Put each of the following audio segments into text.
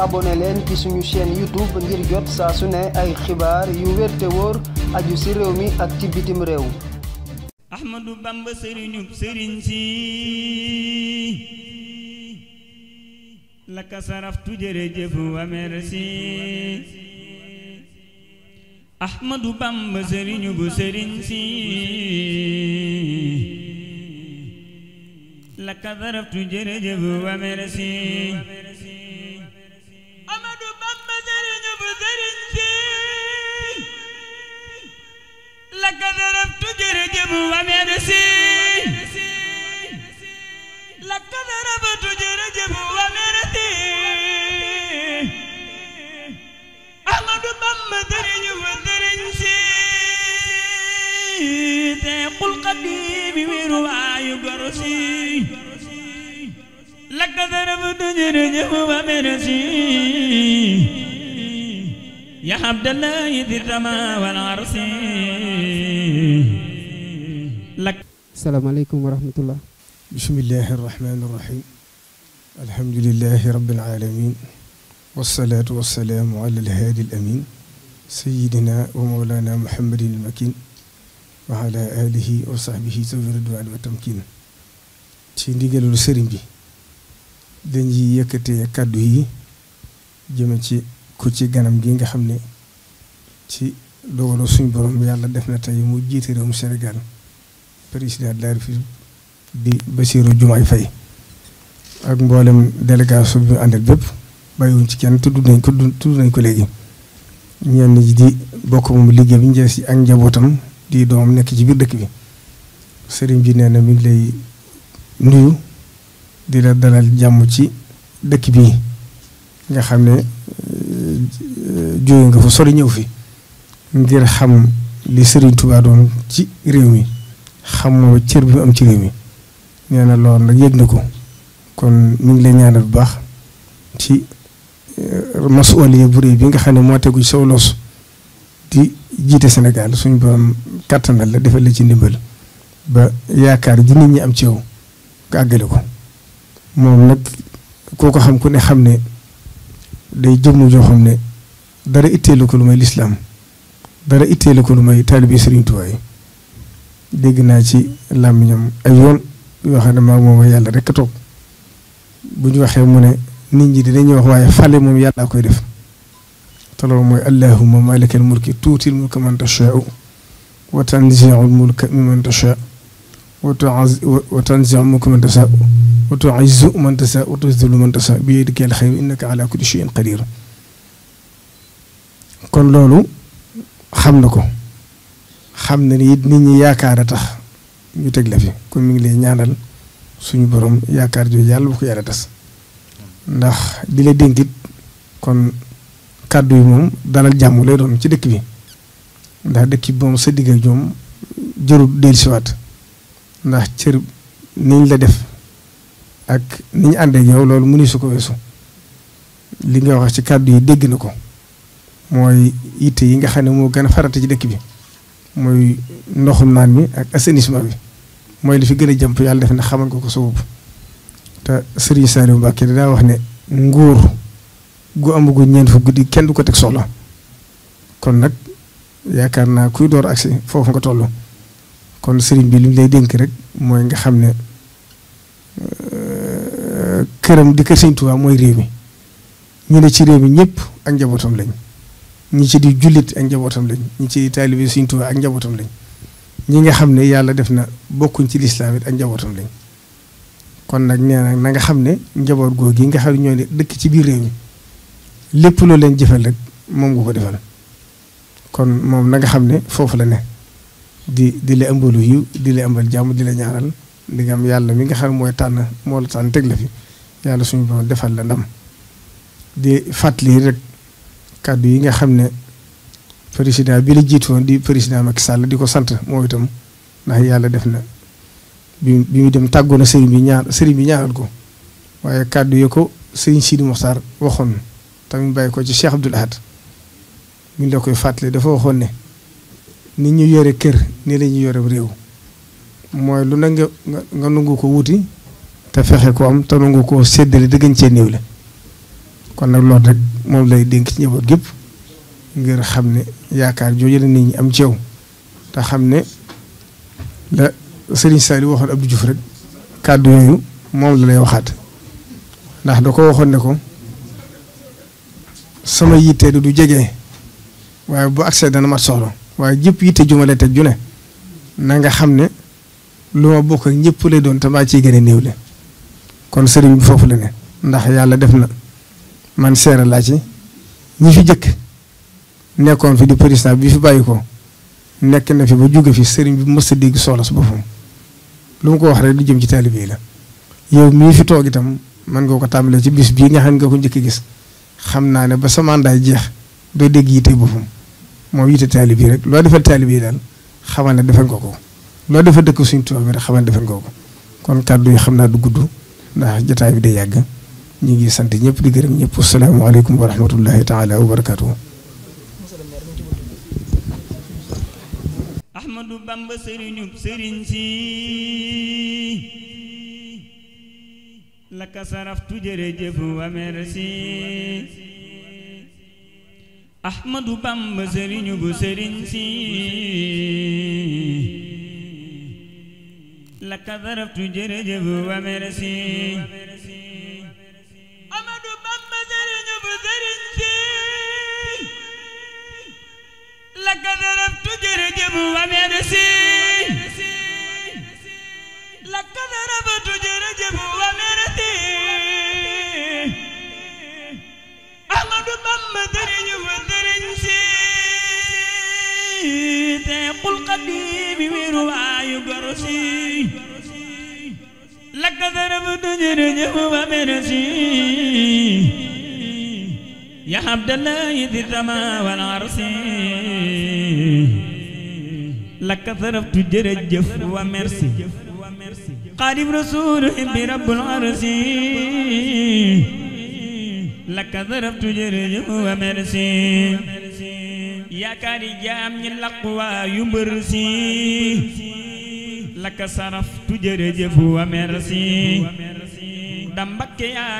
abonné leen ci suñu chaîne su ne ay xibaar yu wér te wóor aju mi ak ci réew Ahmadu Bamba sëriñub sëriñ si laka saraftu jërëjëf wa merci Ahmadu Bamba sëriñub sëriñ si wa merci لقد ربت جرجب ومرتي أحمد بام درج ودرج سيد قل قديم ورواي قرسي لقد ربت جرجب ومرتي يا عبد الله ذي الرما والعرسي salaamaaleykum wa rahmatullah bismillahi arrahmani irrahim alhamdulilahi rabilalamin walsalaatu walsalaamu ala alhaadi alamin sayidina wa mawlana muhammadin almakin wa ala wa sahbihi zawi ridwaan wa tamkin ci sëriñ bi dañuy yëkkatee kàddu yi jëme ci ku ci ganam gi nga xam ni ci dogalu suñ borom yàlla def na tey mu jiite réewum Sénégal président de la République di Bassirou Diomaye fay ak mboolem délégation bi ñu àndal bépp bàyyiwuñ ci kenn tudd nañ ko tudd nañ ko léegi ñenn ñi di bokk moom liggéey bi njëriñ si ak njabootam di doomam nekk ci biir dëkk bi sëriñ bi nee na mi ngi lay nuyu di la dalal jàmm ci dëkk bii nga xam ne euh, jóge nga fa sori ñëw fi ngir xam li sëriñ Tuubaa ci réew mi. xamoo cër bi am ci réew mi nee na loolu nag yëg na ko kon mu ngi leen ñaanal bu baax ci eh, masuwaliya bu réy bi nga xam ne moo tegu ci saw loos di jiite Sénégal suñ borom kàttanal la defal la ci ndimbal ba yaakaar ji nit ñi am ci yow nga àggale ko moom nag koo ko xam ku ne xam ne day jëmm joo xam ne dara itteelu ko lu may lislaam dara itteelu ko lu may taalibe Sëriñ Tuubaa yi dégg naa ci làmmiñam ay yoon yoo xam ne maa moom yàlla rek a toog bu ñu waxee mu ne nit ñi dinañu wax waaye fale moom yàlla koy def te loolu mooy allahumma malikal mulki tuutil mulka man tashaa'u wa tanzi'ul mulka mimman tashaa'u wa tanzi'ul mulka man tashaa'u wa tu'izzu man tashaa'u wa tuzillu man tashaa'u bi yadikal khayru innaka ala kulli shay'in qadir kon loolu xam na ko xam ne nit ñi yaakaar a tax ñu teg la fi kon mu ngi lay ñaanal suñu borom yaakaar jooju yàlla bu ko yàlla tas ndax di la dénkit kon kàddu yi moom dalal jàmm lay doon ci dëkk bi ndax dëkk bi moom sa digg ak ñoom jërul dellusiwaat ndax cër niñ la def ak ni àndee yow loolu mu ni su ko weesu li nga wax ci kàddu yi dégg na ko mooy yitte yi nga xam ne moo gën a farata ci dëkk bi muy ndoxum naan mi ak assainissement bi mooy li fi gën a jàmp yàlla def na xamal ko ko sa bopp te Serigne Saliou Mbacké daa wax ne ngóor gu amagu ñeent fu guddi kenn du ko teg soxla kon nag yaakaar naa kuy door agsi foofu nga toll kon sëriñ bi li mu lay dénk rek mooy nga xam ne euh, këram di kër Sëriñ Tuubaa mooy réew mi ñu ne ci réew mi ñëpp ak njabootam lañ ñi ci di jullit ak njabootam lañ ñi ci di taalibe Sëriñ Tuubaa ak njabootam lañ ñi nga xam ne yàlla def na bokkuñ ci lislaam it ak njabootam lañ kon nag nee na nga xam ne njaboot googu gi nga xam ne ñoo ne dëkk ci biir réew lépp loolu leen jëfal rek moom nga ko defal kon moom na nga xam ne foofu la ne di di la ëmbalu yiw di la ëmbal jàmm di la ñaanal di nga am yàlla mi nga xam ne mooy tànn moo la tànn teg la fi yàlla suñu borom defal la ndam di fàttali rek. kàddu yi nga xam ne président bi la jiitu woon di président Macky sàll di ko sant moo itam ndax yàlla def na bi bi mu dem tàggoon na sëriñ bi ñaar sëriñ bi ñaanal ko waaye kàddu yi ko sëriñ Sidi Moxtaar waxoon tamit bàyyi ko ci Cheikh Abdoul Ahad mi la koy fàttali dafa waxoon ne nit ñu yore kër nii la ñu yore réew mooy lu na nga nga nangu ko wuti te fexe ko am te nangu ko séddale dëggañ cee néew la kon nag loolu rek moom lay dénk ci njaboot gépp ngir xam ne yaakaar jooju la nit ñu am ci yow te xam ne la Serigne Saliou waxoon ab Diouf rek kàddu yooyu moom la lay waxaat ndax da ko waxoon ne ko sama yitte du jege waaye bu accès dana mat soxla waaye jëpp yitte ju te lay teg na nga xam ne lu ma bokk ak ñëpp lay doon te ci ciy gën a néewle kon sëriñ bi foofu la ne ndax yàlla def na. man seere laa ci ñi fi jëkk nekkoon fi di président bi fi bàyyi ko nekk na fi ba jóge fi sëriñ bi mës a dégg soxla su boppam lu mu ko wax rek lu jëm ci taalibe yi la yow mii fi toog itam man nga ko tàmbalee ci bis bii nga xam nga ko njëkk gis xam naa ne ba sa mandat jeex doo dégg yite boppam moom yite taalibe yi rek loo defal taalibe yi daal xamal ne defal nga ko loo defal dëkk suñu tubaab bi rek xamal ne defal nga ko kon kàddu yi xam naa du gudd ndax jotaay bi day yàgg ñu ngi sant ñëpp di gërëm ñëpp salaamaaleykum wa rahmatullahi taala wa barakaatu. Ahmadu Bamba sëriñub sëriñ si laka sëriñ si bu amee de siin bu amee de siin Ahmadu Bamba dëriñu fa dëriñ siin te xul xadiimi wiiru waayu goro siin lakka ya Abdallahi di tama wal arsi laka saraftu jërëjëf wa merci xaadim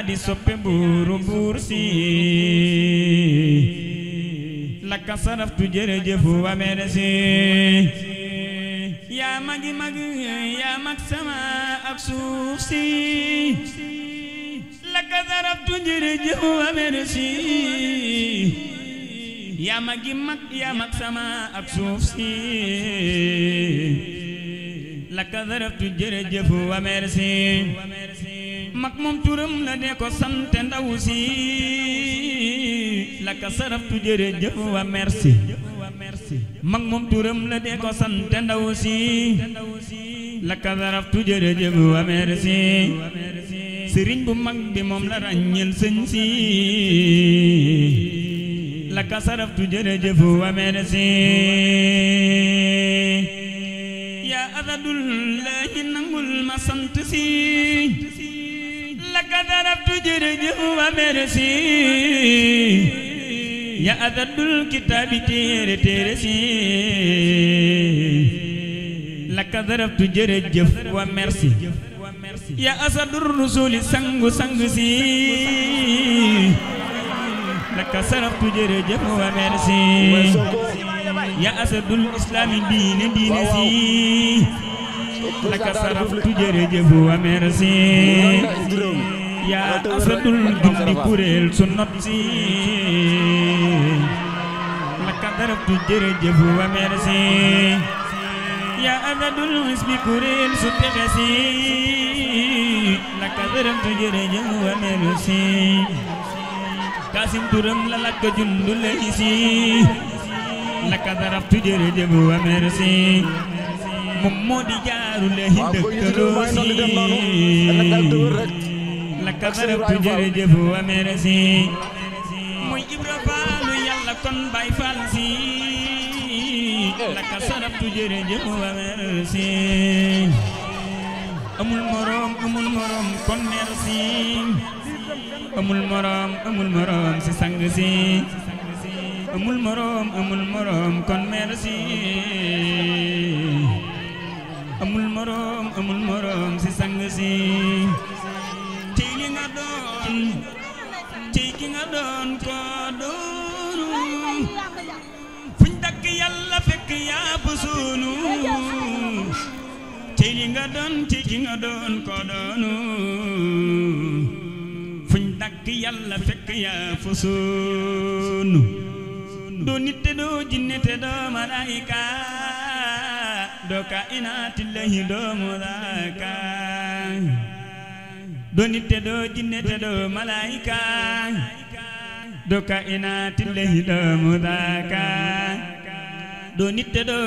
di soppe buuru buur lakka saraftu jërëjëf wa merci yaa magi mag yaa mag sama ak suuf si lakka saraftu jërëjëf wa merci mag moom turam la dee ko sant ndaw si laka saraftu jërëjëf wa merci mag moom turam la dee ko sant ndaw si laka saraftu jërëjëf wa merci sëriñ bu mag bi moom la ràññeel sëñ si laka saraftu jërëjëf wa merci yaa asadul nangul ma sant si لك ضربت جرجه ومرسي يا أذد الكتاب تير تيرسي لك ضربت جرجف ومرسي يا أسد الرسول سنغ سنغ سي لك صرفت جرجف ومرسي يا أسد الإسلام دين دين سي لك صرفت جرجف ومرسي yaa asadul jumbi kuréel su not si laka darabtu jërëjëf wa merci yaa asadul isbi kuréel su texe si laka darabtu jërëjëf wa merci kaasim turam la lakk jundu lay si laka darabtu jërëjëf lakka barabtu jërëjëf wa mersi muy ibra faalu yàlla kon bay faal si lakka eh. sarabtu jërëjëf wa mersi amul moroom amul moroom kon merci si sang moroom amul moroom kon merci amul moroom amul moroom si sang si doon ci ki nga doon ko doonu fuñ dakk yàlla fekk yaa fa suunu ci li nga doon ci ki nga doon ko doonu fuñ dakk yàlla fekk yaa fa suunu doo nit te doo jinne te doo malaayika doo kainaatillahi doo mulaaka doo nit te doo jinne te doo malaayika doo kainaati lahi doo mudaaka doo